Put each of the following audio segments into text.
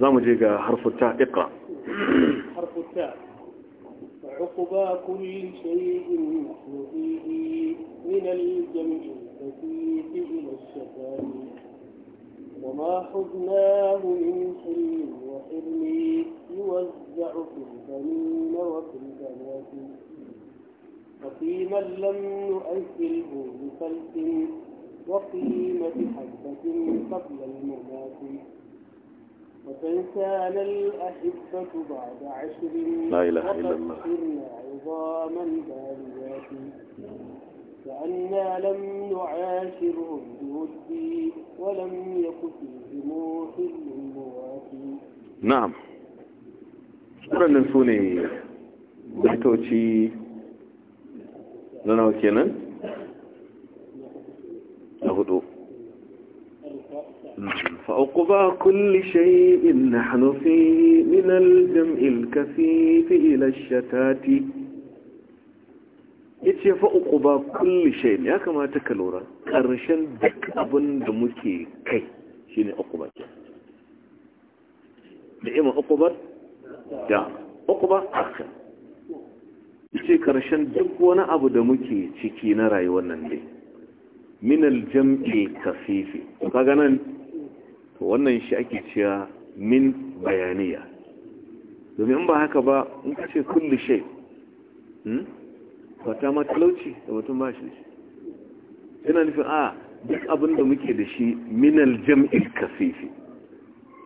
زام حرف التاء اقرأ حرف التاء عقبى كل شيء نحن فيه من الجمع الكثيف إلى الشفاه وما حزناه من حلم وحلم يوزع في البنين وفي البنات وفي من لم نؤهله بفلس وقيمة حبة قبل الممات وكن كان الأحبة بعد عشر لا إله إلا الله صرنا عظاما باليات كأنا لم نعاشرهم بودي ولم يك فيهم حل مواتي نعم waɗannan su ne baitoci na nawa kenan na hudu فأقضى كل شيء نحن فيه من الجمع الكثيف إلى الشتات yace fa uku ba kulli shay ya kamata ka lura karshen duk abin da muke kai shine uku ba da ima uku ba da uku ba aka yace karshen duk wani abu da muke ciki na rayuwar nan dai min jam'i kafifi kaga nan wannan shi ake cewa min bayaniya domin ba haka ba in ka ce kulli shai fata hmm? ma talauci da mutum ba shi yana nufin a duk abin da muke da shi minal jam'il kasifi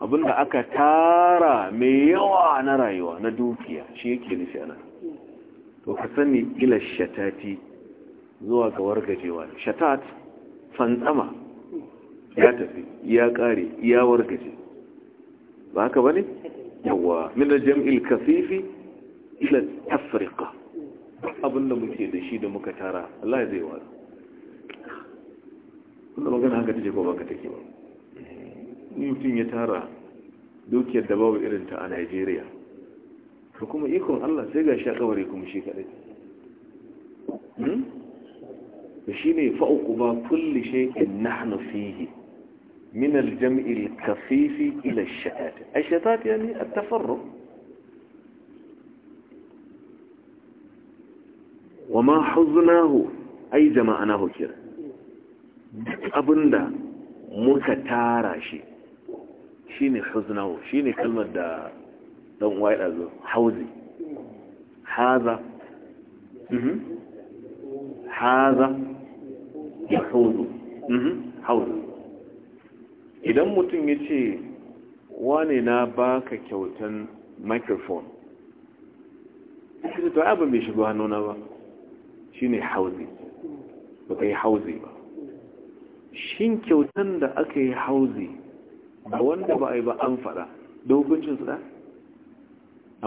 abin da aka tara mai yawa na rayuwa na dukiya shi yake nufi ana to ka sani ila shatati zuwa ga wargajewa shatat fantsama ya tafi ya kare ya warkace ba haka bane yawa min jamil kasifi ila tafriqa abinda muke da shi da muka tara Allah zai wa kuma magana haka take ko baka take ba mutum ya tara dukiyar da babu irin ta a Najeriya to kuma ikon Allah sai ga sha kawari kuma shi kadai hmm? da shi ne fa'uku ba kulli shay'in nahnu fihi من الجمع الكفيف إلى الشتات الشتات يعني التفرق وما حزناه أي جمعناه كذا أبندا مكتارا شيء شيني حزناه شيني كلمة دا دون وايل أزو حوزي هذا هذا يحوز حوز idan mutum ya ce wane na baka kyautan microphone shi ta abin bai shigo hannuna ba shi ne hauzi ba ka yi hauzi ba shin kyautan da aka yi hauzi ba wanda ba a yi ba an fada da cin su da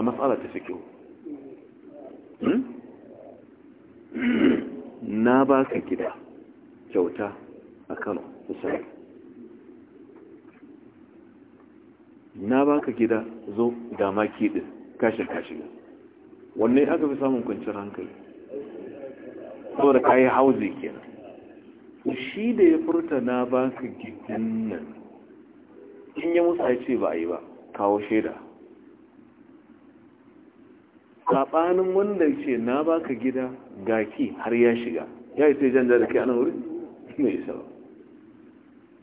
a matsala ta fi kyau hmm? na baka gida kyauta a kano misali na baka gida zo da maki din kashin kashiga wanne aka fi samun kwanciyar hankali saboda da hauzi kenan shi da ya furta na baka gidan nan in ya musa ya ce ba a yi ba kawo shaida saɓanin wanda ce na baka gida gaki har ya shiga ya yi sai jan da kai ana wuri wurin mai isa ba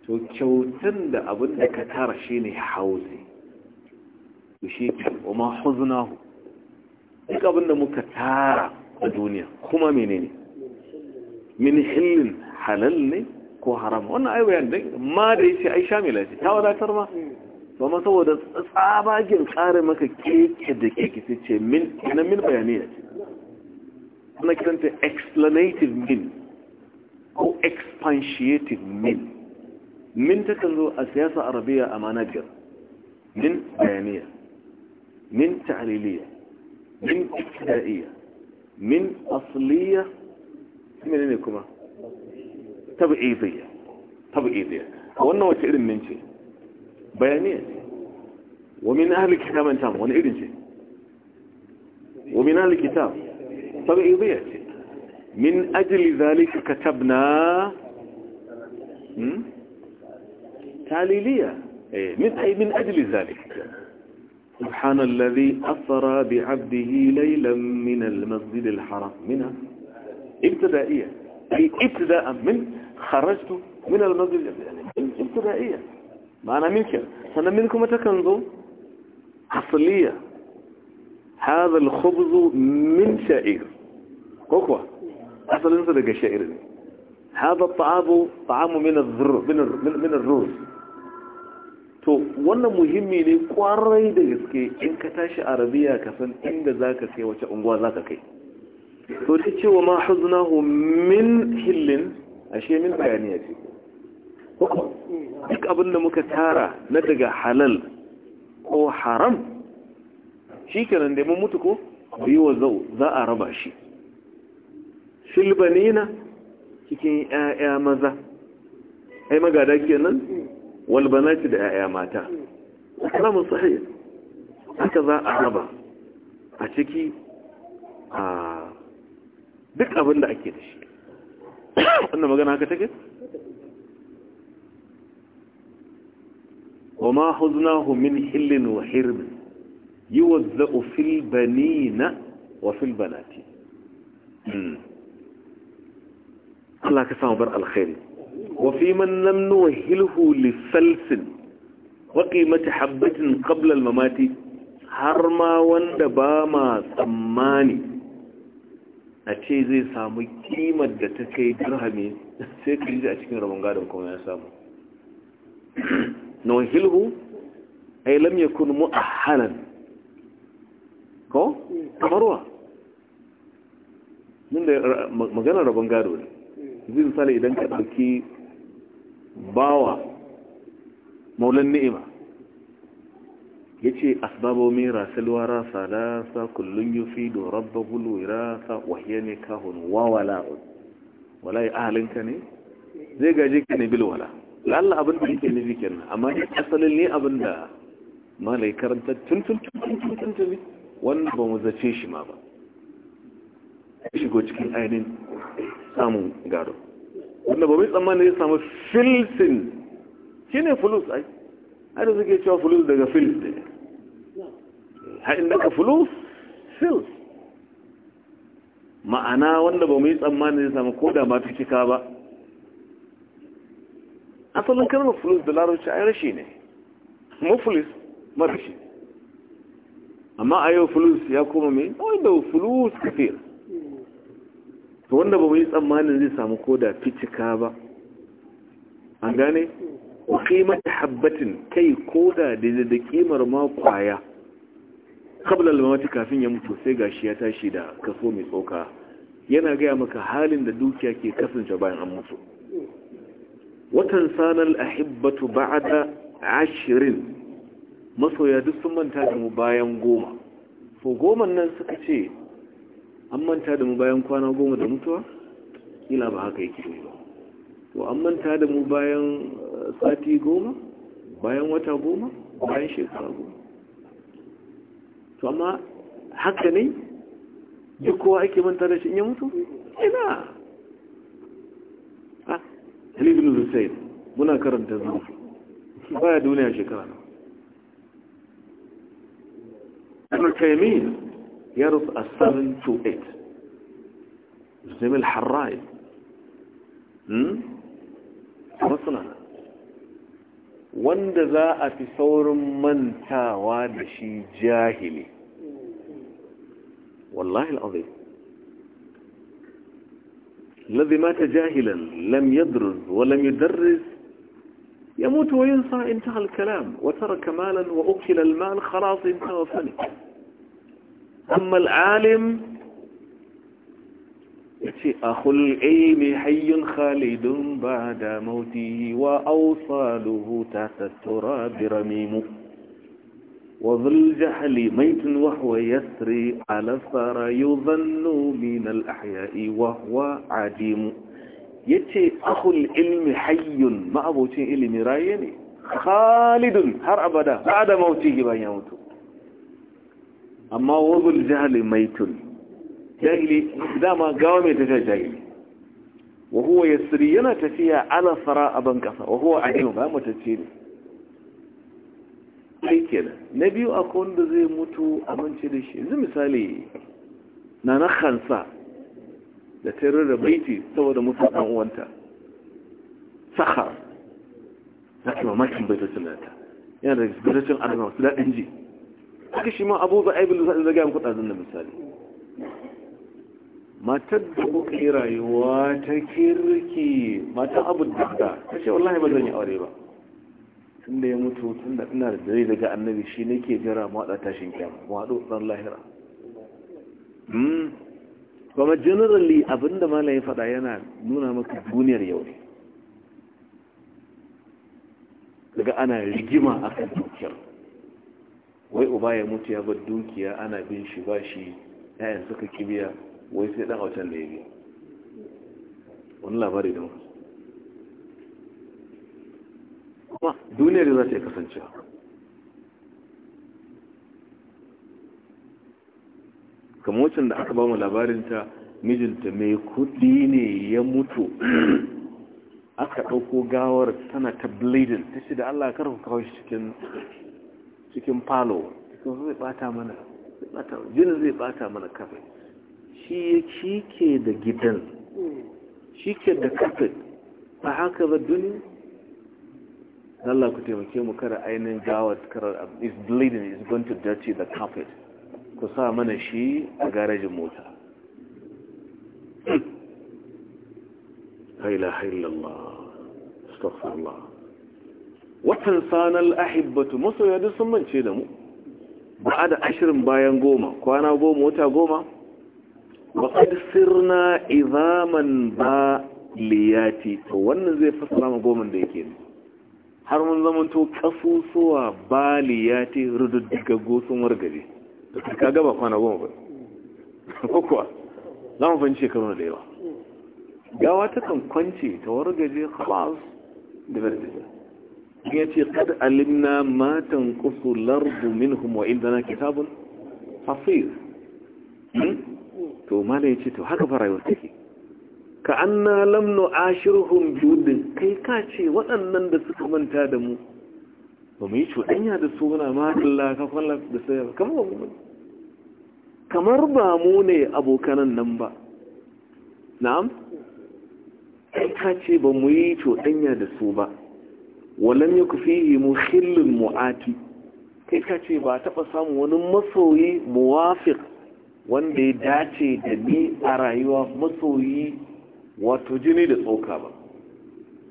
to kyautan da abin da ka tara shi ne hauzi to shi wa ma huznahu duk abin da muka tara a duniya kuma menene min hillin halal ne ko haram wannan ai bayan dan ma da yace ai shamila ce ta wadatar ma to ma saboda tsabagen tsare maka keke da keke sai ce min na min bayaniya ne. ana kiranta explanative min ko expansionative min min ta kan zo a siyasa arabiya a manajiyar min bayaniya من تعليلية من ابتدائية من أصلية من إنكما تبعيضية تبعيضية وأنه وتعلم من شيء بيانية ومن أهل الكتاب أنت وأنا إذن شيء ومن أهل الكتاب تبعيضية من أجل ذلك كتبنا تعليلية إيه، من أجل ذلك سبحان الذي أثر بعبده ليلا من المسجد الحرام منها ابتدائية أي ابتداء من خرجت من المسجد ابتدائية معنى منك سنة منكم تكنزوا أصلية هذا الخبز من شعير كوكوة أصل أنت لك شعير هذا الطعام طعام من الذر من الروز to wannan muhimmi ne kwarai da gaske in ka tashi arabiya ka san inda za ka kai wace unguwa za ka kai to ta cewa ma hu min hillin ashe min bayaniya ce duk abin da muka tara na daga halal ko haram shi kenan da mun mutu ko biyu wa zau za a raba shi filbanina cikin 'ya'ya maza ai magada kenan walbanaci da 'ya'ya mata alamun sahiya haka za a raba a ciki a duk abin da ake da shi wanda magana haka take? wa ma huzna min hillin wa hirmin yi wadda ofin bani na wafin banati hmm. Allah ka samu bar alkhairi وفي من لم نوهله للسلسل وقيمة حبة قبل الممات هرما واندباما ثماني a zai samu kimar da ta kai dirhami sai ka a cikin rabon gadon kuma ya samu no hilhu ai mu a mu'ahhalan ko kamarwa da rabon gado zai misali idan ka ɗauki bawa maulan ni'ima ya ce asbabo mera salwara sa kullum yi fi da rabba hulwira sa wahiyar ne kahun wawala wala ya ahalinka ne zai gaje ka ne bilwala lalla abin da yake nufi kenan amma asalin ne abin da malai karanta tuntun tuntun tuntun tuntun wanda ba mu zace shi ma ba ya shigo cikin ainihin samun gado wanda ba mai tsammanin ya samu filsin shi ne fulus ai har da suke cewa fulus daga fils ne haɗin daga fulus fils ma'ana wanda ba mai tsammanin ya samu ko da ba ta cika ba asalin kalmar fulus da larabci ai rashi ne mafulis marashi amma a yau fulus ya koma mai wanda fulus kafir to wanda ba mu yi tsammanin zai samu koda fitika ba an gane wa qimar habbatin kai ko da da kimar ma kwaya qabla kafin ya mutu sai gashi ya tashi da kaso mai tsoka yana gaya maka halin da dukiya ke kasance bayan an mutu watan sanar ahibbatu ba'ada ashirin masoya duk sun manta da mu bayan goma so goma nan suka ce an manta da mu bayan kwana goma da mutuwa ila ba haka yake ba to an manta da mu bayan eh, sati goma bayan wata goma bayan shekara goma to amma haka ne duk kowa ake manta da shi in ya mutu ina ha ah, halibin hussein muna karanta zuwa baya duniya shekara na ibn taymiyyah يرث السبن تو ايت زي الحراي masana wanda ذا في ثور من mantawa da جاهلي والله العظيم الذي مات جاهلا لم يدرس ولم يدرس يموت وينسى انتهى الكلام وترك مالا وأكل المال خلاص انتهى فنك أما العالم أخو العلم حي خالد بعد موته وأوصاله تحت التراب رميم وذو الجحل ميت وهو يسري على الثرى يظن من الأحياء وهو عديم يتي أخو العلم حي ما أبو تين إلمي خالد هر أبدا بعد موته بان يموت amma wazul jahali maitun jahili dama gawa mai tafiya jahili wa huwa yasri yana tafiya ala fara aban kasa wa huwa ajiyun ba ce ne na biyu akwai wanda zai mutu a amince da shi yanzu misali na na kansa da ta da baiti saboda mutu ɗan uwanta Sakar, za ki mamakin baita tunata yana da baitacin alama, su daɗin ji haka shi ma abu za'ai bin lisa'in zagayen kudazen da misali matar da kuka yi rayuwa ta kirki matan abu da ta ce wallahi ba zan yi aure ba tun da ya mutu tun da ina da dare daga annabi shi ne ke jira mawaɗa tashin kyamma maɗo ɗan lahira hmm. kuma generally abinda malaye faɗa yana nuna maka duniyar yau ne daga ana rigima a kan dukiyar wai uba ya mutu ya bar dukiya ana bin shi ba shi yayan suka kibiya wai sai dan autan da ya biya wani labari don kuma duniyar za ta kasance kamocin da aka ba mu ta mijinta mai kudi ne ya mutu aka ɗauko gawar tana ta bleeding ta shi da allah karfa kawai cikin cikin falo sun zai bata mana jini zai bata mana kafin shi ke da gidan shi ke da kafin ba haka ba duni. Allah ku taimake mu kara ainihin gawar karar is bleeding is going to dirty the carpet ku sa mana shi a garajin mota haila haila Allah astaghfirullah watan sanar ahibbatu masoya duk sun mance da mu ba da ashirin bayan goma kwana goma wata goma ba da sirna izaman ba liyati to wannan zai fasa ma goma da yake ne har mun zamanto kasusuwa ba liyati rududdiga gosun wargare da ka gaba kwana goma ba ko kuwa za mu fahimci shekaru da yawa gawa ta kan kwance ta wargaje kwas da vertigo ya ce kad alimna matan kusu lardu minhum wa indana kitabun hafiz hmm? to mala ya ce to haka fa rayuwar take ka anna lam nu'ashiruhum biwuddin kai ka ce waɗannan da suka manta da mu ba mu yi cuɗanya da su muna makalla kafalla da sayar kamar ba mu kamar ba mu ne abokanan nan ba na'am kai ka ce ba mu yi cuɗanya da su ba walam yaku fihi mukhillun mu'ati kai ka ce ba taɓa samun wani masoyi muwafiq wanda ya dace da ni a rayuwa masoyi wato jini da tsoka ba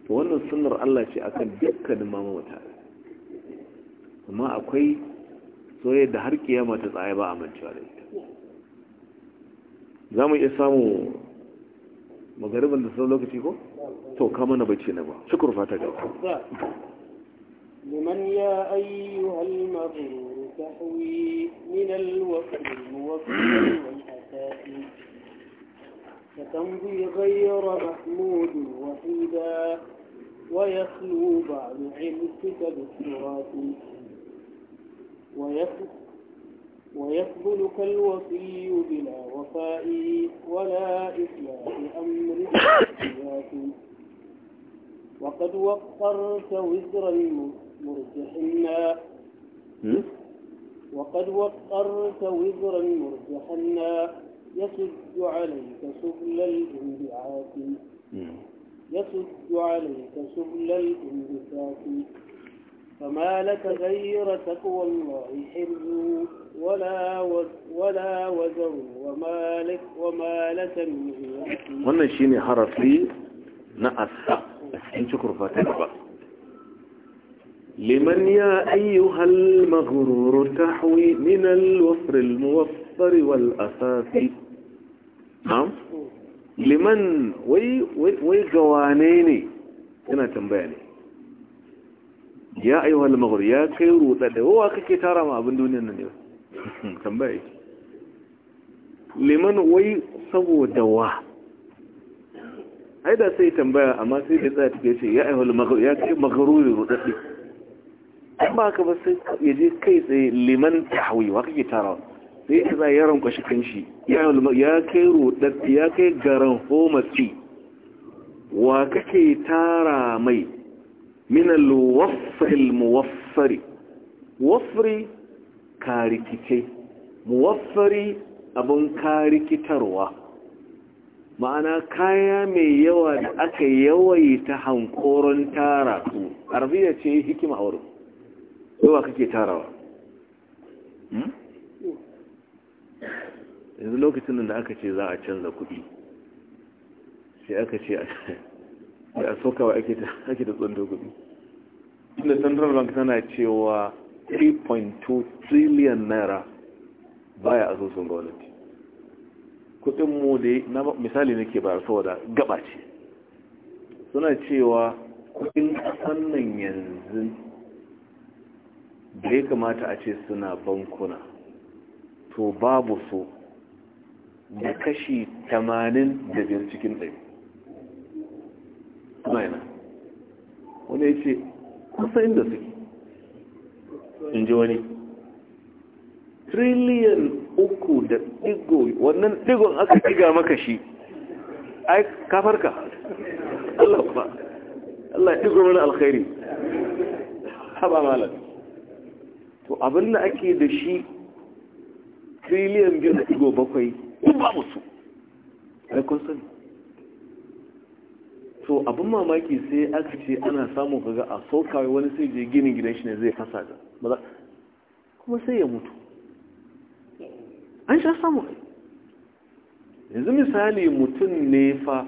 to wannan sunnar Allah ce akan dukkanin mamamata amma akwai soyayya da har kiyama ta tsaya ba a mancewa da ita za mu iya samu magariban da sauran lokaci ko to ka mana bacci na ba shukur fata ga ya ayyuhal mabrur tahwi min al-waqt غير محمود وحيدا ويخلو بعض علمك بالتراث ويخلو ويقبلك الوفي بلا وفاء ولا إصلاح أمر الذات وقد وقرت وزر مرجحنا وقد وقرت وزرا مرجحنا يسد عليك سبل الانبعاث يسد عليك سبل الانبعاث فما لك غير تقوى الله حرز ولا ولا وزر وما لك وما لك wannan shine harafi na asa a cikin cikurfa ta gaba liman ya ayyuhal maghrur tahwi min al-wasr al-muwaffar wal asasi am liman wai wai gawane ne yana tambaya ne ya ayyuhal maghrur ya kai ruda da wa kake tara ma abin duniyar nan ne Hmm, liman wai saboda wa ai sai tambaya amma sai da ce ya aihul ya rudaddi an ba ka ba sai ya je kai tsaye liman wa kake tarawa sai ya tsaya yaron kwashi kanshi ya kai rudaddi ya kai garan homasi wa kake tara mai min karikice muwaffari abin karikitarwa ma'ana kaya mai yawa da aka yawai ta hankoron tara su arabiya ce hikima a wurin yawa kake tarawa hmm? yanzu lokacin da aka ce za a canza kuɗi sai aka ce a sokawa ake da tsondo kuɗi inda central bank tana cewa 3.2 trillion naira baya asusun gwamnati kudin mu da na misali nake bayar saboda gaba ce suna cewa kudin kasan nan yanzu da ya kamata a ce suna bankuna to babu so da kashi 80 da biyar cikin ɗari suna yana wani ya ce kusa inda suke in ji wani triliyan uku da digo wannan digon aka ɗiga maka shi ai kafarka Allah ba Allah digo mana alkhairi haba malam to abin da ake da shi triliyan biyu da digo bakwai ba musu. ai kun sani so abin mamaki sai aka ce ana samun kaga a saukawa wani sai je ginin gidan shi ne zai fasa da kuma sai ya mutu an sha samu yanzu misali mutum ne fa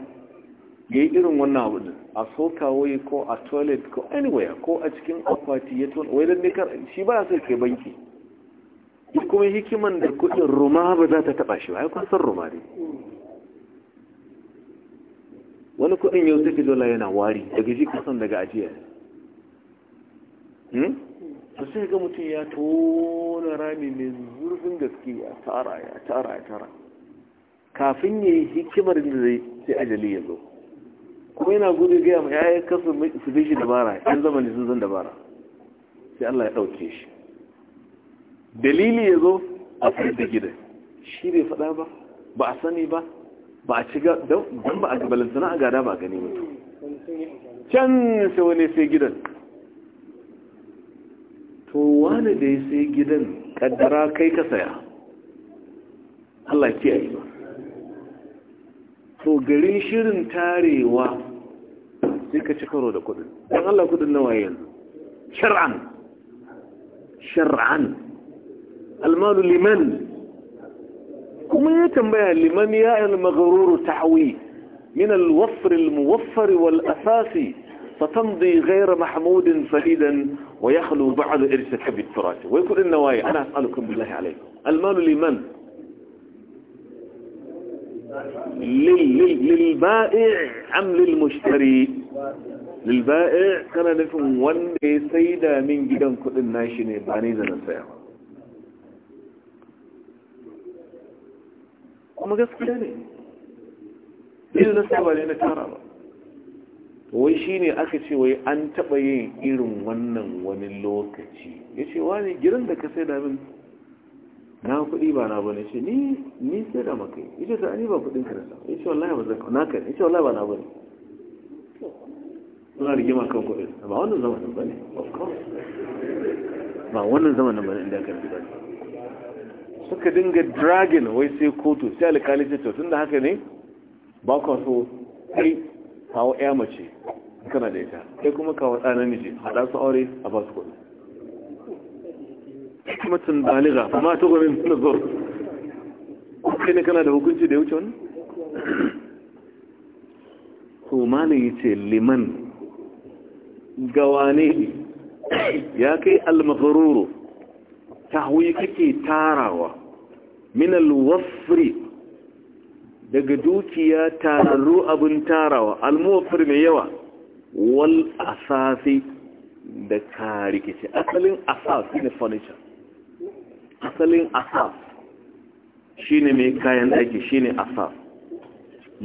ya yi irin wannan abu din a saukawai ko a toilet ko anywhere ko a cikin akwati ya tona wai ne kar shi ba sai kai banki kuma hikiman da kudin ruma ba za ta taba shi ba ya kun san ruma ne wani kudin yau sai ka yana wari daga shi kasan daga ajiya hmm? to sai ga mutum ya tona rami mai zurfin gaske ya tara ya tara ya tara kafin ya yi hikimar da zai sai ajali ya zo kuma yana gudu gaya ma ya yi kasa su bi shi dabara yan zamani sun zan dabara sai Allah ya ɗauke shi dalili ya zo a da gida shi bai faɗa ba ba a sani ba ba a shiga don ba a gabalin na a gada ba a gani mutu can sai wani sai gidan to wani da ya sai gidan kaddara kai ka saya Allah kiyaye ba to garin shirin tarewa sai ka ci karo da kudin don Allah kudin nawa yanzu shar'an shar'an almalu liman ثم يتنبه لمن يا المغرور تحوي من الوفر الموفر والأساسي فتمضي غير محمود فريدا ويخلو بعد إرسك بالفراج ويقول النوايا أنا أسألكم بالله عليكم المال لمن للبائع أم للمشتري للبائع كان نفهم وان سيدة من جدا كل الناشين بانيزا نسيحة kuma gaskiya ne irin na saba ne na tara ba wai shi ne aka ce wai an taɓa yin irin wannan wani lokaci ya ce wani girin da ka sai damin na kuɗi ba na bane ce ni ni sai da maka yi ya ce ni ba kuɗin ka ya ce wallahi ba zan kawo kai ya ce wallahi ba na bane suna rigima kan kuɗin ba wannan zamanin bane of course ba wannan zamanin bane inda ka rigima ne suka dinga dragon wai sai kotu sai alkali ce tun da haka ne ba ka so kai kawo ya mace kana da ita kai kuma kawo ɗa miji haɗa su aure a ba su kuɗi hikmatin baliga amma ta gwamnin nazar kai ne kana da hukunci da ya wuce wani to malin yi ce liman gawane ya kai almafaruru tahwi kake tarawa minal wafri daga dukiya tararru abin tarawa almuwafir mai yawa wal asasi da karikici asalin asas shine furniture asalin asas shine mai kayan aiki shine asas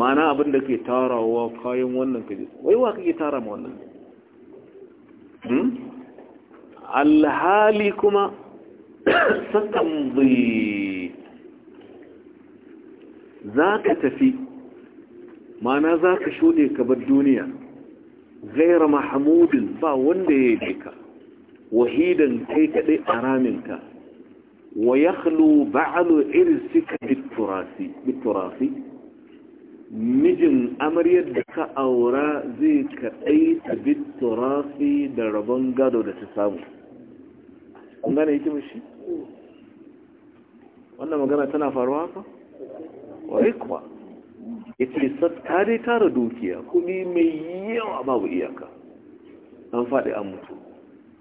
mana abin da ke tarawa kayan wannan kaji wai wa kake tara ma wannan hmm? alhali kuma satamzi za ka tafi mana za ka shuɗe ka bar duniya gaira mahamudin ba wanda ya yi ka wahidan kai kaɗai a raminka wa ya halu ba'alu irisika biturasi mijin amaryar da ka aura zai kaɗai ta biturasi da rabon gado da ta samu Allah ne yake wannan magana tana faruwa haka Wa ikwa, ita ta dai tara dukiya kuɗi mai yawa babu iyaka an faɗi an mutu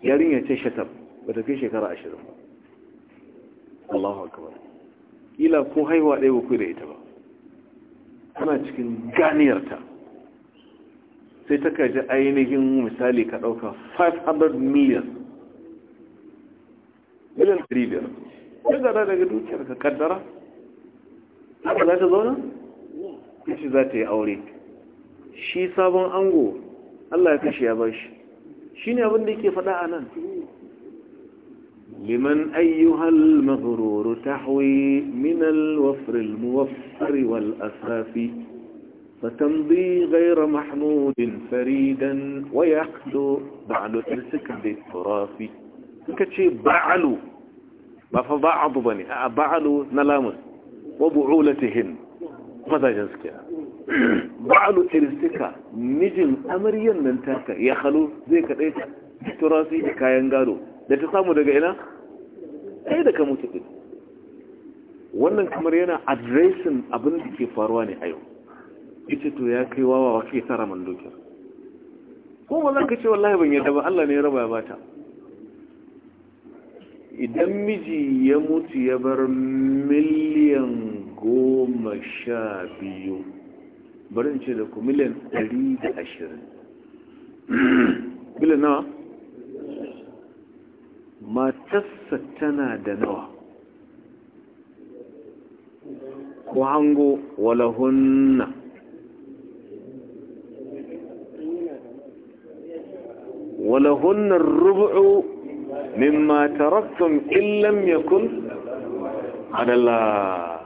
yarin ya ce shatab ba ta kai shekara ashirin ba allahu akabar ila ko haihuwa ɗaya ba ku da ita ba tana cikin ganiyarta sai ta kaji ainihin misali ka ɗauka 500 million ملين تريبير كذا هذا قدو كذا كدرة هذا ذات ذولا إيش ذاتي أوريك شي صابون أنغو الله يكشي يا باش شيني أبن ديك فدا أنا لمن أيها المغرور تحوي من الوفر الموفر والأسراف فتمضي غير محمود فريدا ويحدو بعد ترسك بالتراف suka ce ba'alu ba fa ba'adu bane a ba'alu na lamun wa bu'ulatihin mazajen suke ba'alu iristika mijin amaryan nan taka ya halu zai kaɗai su da kayan gado da ta samu daga ina ɗaya da ka mutu ɗin wannan kamar yana adresin abin da ke faruwa ne a yau ita to ya kai wawa wa ke tara mandokiyar kuma za ka ce wallahi ban yadda ba Allah ne ya raba ya bata idan miji ya mutu ya bar miliyan goma sha biyu barin ce da ku miliyan ɗari da ashirin miliyan nawa matarsa tana da nawa ku hango walahunna walahunnan rubu'u mimma taraktum illam yakun adalla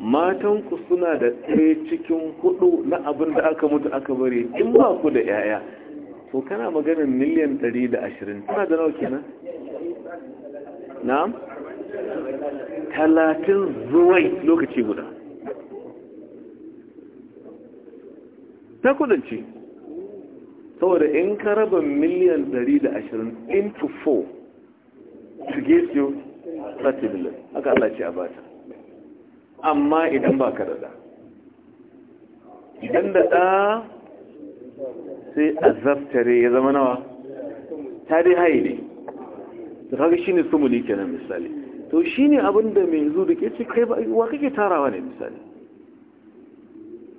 matanku suna da ɗaya cikin hudu na abin da aka mutu aka bari in ba ku da yaya to kana maganin miliyan 120 tana da nawa kenan na'am talatin zuwai lokaci guda ta kudanci saboda in ka raba miliyan 120 into 4 to get you 30 million haka Allah ce a bata amma idan ba ka da idan da ɗa sai a ya zama nawa ta dai haini ne da kaga shi ne sumuli kenan misali to shi ne abinda mai zuwa da ke ce kai ba wa kake tarawa ne misali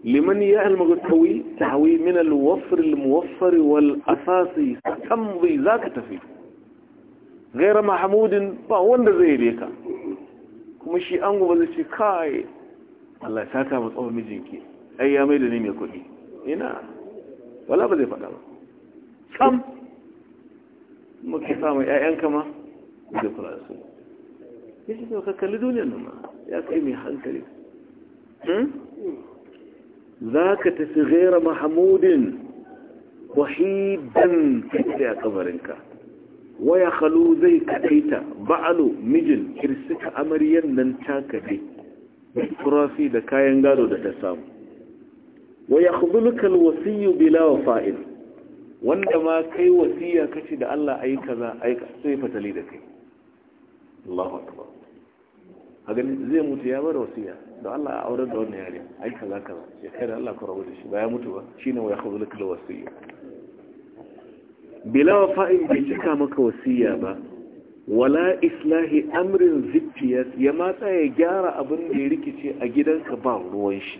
liman ya almagatawi tahwi min alwafr almuwaffar wal asasi tambi zaka tafi gaira mahmudin ba wanda zai yi ka kuma shi an gobe zai ce kai Allah ya saka mu tsawon mijinki ai ya mai da ni mai kuɗi ina wala ba zai faɗa ba sam muke samun ƴaƴan kama da kula da su ya ce ka kalli duniyar nan ya kai mai hankali za ka tafi gaira mahamudin wahidan kai a kabarinka waya halu zai kaɗaita ba'alo mijin kirsika amaryar nan ta kaɗe turafi da kayan gado da ta samu waya hudulukal wasiyu bila wa wanda ma kai wasiya kace da Allah ai kaza aika sai fatali da kai Allahu akbar hagan zai mutu ya bar wasiya da Allah ya aure da wannan yare ai kaza kaza ya kai da Allah ku rabu da shi ba ya mutu ba shine wa yakhudhu lak alwasiya bila wafa'in bai cika maka wasiyya ba wala islahi amrin zittiyas ya mata ya gyara abin da ya rikice a gidanka ba ruwan shi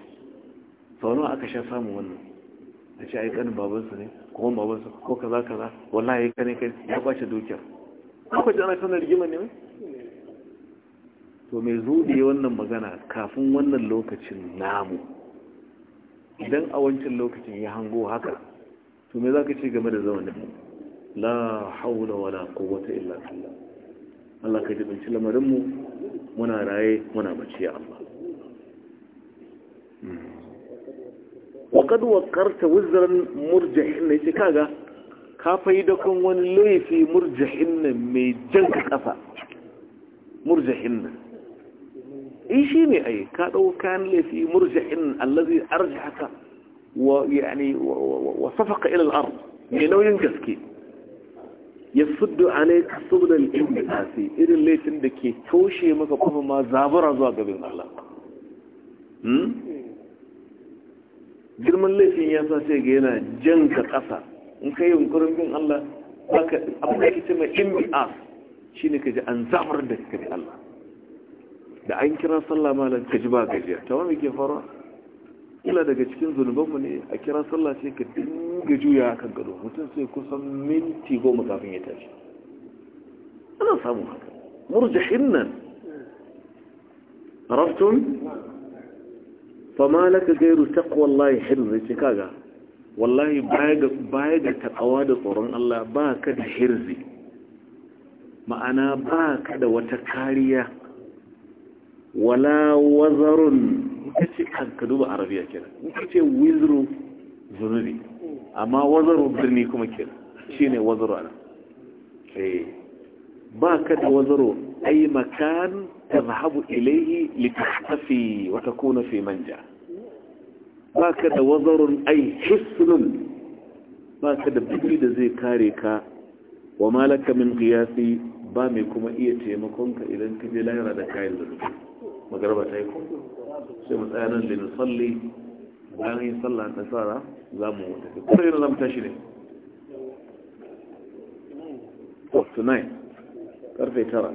sau nawa aka sha samun wannan a ce ai kanin babansa ne ko babansa ko kaza kaza wallahi kai kai ya kwace dukiyar ko kaje ana sanar rigima ne mai to mai zuɗe wannan magana kafin wannan lokacin namu idan a wancan lokacin ya hango haka to me za ka ce game da zaune la haula wala quwwata illa billah Allah ka jibinci lamarinmu muna raye muna mace ya Allah waƙad waƙarta wuzarin murjahin ya ce kaga ka fa'ida kan wani laifi murjahin nan mai jan ƙasa murjahin nan in eh, shi ne ai ka ɗau kayan laifi murja irin arja'aka wa yani wa safaka ila al-ard mai nauyin gaske ya suddu alayka subul al-inqasi irin laifin da ke toshe maka kuma ma zabura zuwa gabin Allah hmm girman laifin ya sa sai ga yana jan ka kasa in kai yunkurin bin Allah baka abin da yake cewa inqas shine kaje an zamar da kai Allah da an kira sallah malam ka ji ba gajiya ta wani ke faruwa ila daga cikin zunubanmu ne a kira sallah sai ka dinga juya kan gado mutum sai kusan minti goma kafin ya tashi ana samun haka murjihin nan raftun fama laka gairu taqwa wallahi zai ce kaga wallahi baya ga takawa da tsoron Allah ba ka da hirzi ma'ana ba ka da wata kariya wala wazarun ita ce kan duba arabiya kenan ita ce wizru zunubi amma wazaru birni kuma kenan shine wazaru ana eh ba ka da wazaru ay makan tadhhabu ilayhi litahtafi wa takuna fi manja ba ka da wazarun ay hisnun ba ka da biki da zai kare ka wa malaka min qiyasi ba mai kuma iya taimakonka idan ka je lahira da kayan da zurfi magarba ta yi ko sai mu tsaya nan da ni salli bayan yin sallah ta sara za mu tafi kuma yana zamu tashi ne to tonight karfe tara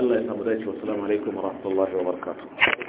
Allah ya samu dace wa salamu alaikum wa rahmatullahi wa barakatuh